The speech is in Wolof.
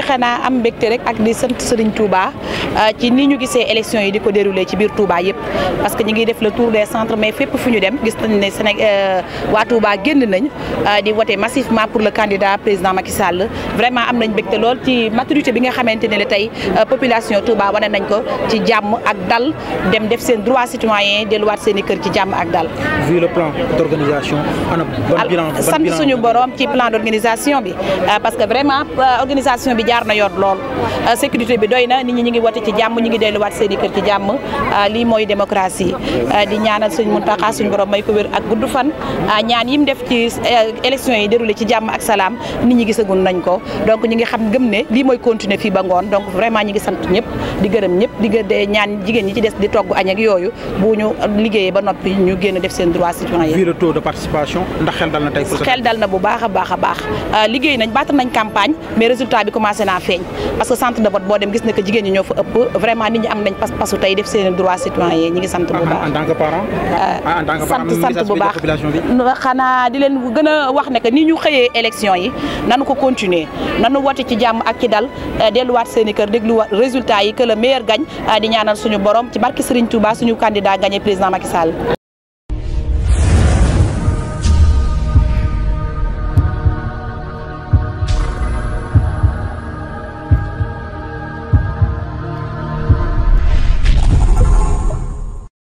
di xanaa am euh, yi di ko déroulé ci biir Touba yëpp parce que ñu ngi def le tour des centres mais fépp euh, euh, pour le candidat président Macky Sall vraiment am nañ mbégte lool ci maturité bi nga xamante ne la tey population Touba wane nañ ko ci jàmm ak dal dem def seen droit citoyen delluwaat seen i kër ci jàmm ak dal. le plan d'organisation sant suñu borom ci plan d'organisation bi parce que vraiment organisation bi. jaar na yoon lool euh, sécurité bi doy na nit ñi ñu ngi wote ci jàmm i kër ci jàmm euh, lii mooy démocratie euh, di ñaanal suñ Muntaxa suñ borom may ko wér ak gudd fan ñaan yim def ci élection yi déroulé ci jàmm ak salaam nit ñi gisagun nañ ko donc ñi ngi xam gëm ne lii mooy continuer fii ba ngoon donc vraiment ñi ngi sant ñëpp di gërëm ñëpp di gëdee ñaan jigéen ñi ci des di togg añ ak yooyu bu ñu liggéeyee ba noppi ñu génn def seen droit citoyen yi taux de participation ndax xel dal na tey xel dal na bu baax a baax a baax commencé naa feeñ parce que centre de vote boo dem gis na jigéen ñi ñoo fa ëpp vraiment nit ñi am nañ pas pasu tey def seen droit citoyen yi ñi ngi sant bu baax ah, en tant que parent euh, ah, en tant que parent sant bu baax xanaa di leen gën a wax ne que ni ñu xëyee élection yi nanu ko continuer nanu wote ci jàmm ak ci dal euh, delluwaat seen i kër déglu résultat yi que le meilleur gagne euh, di ñaanal suñu borom ci barki Serigne baa suñu candidat gagné président Macky Sall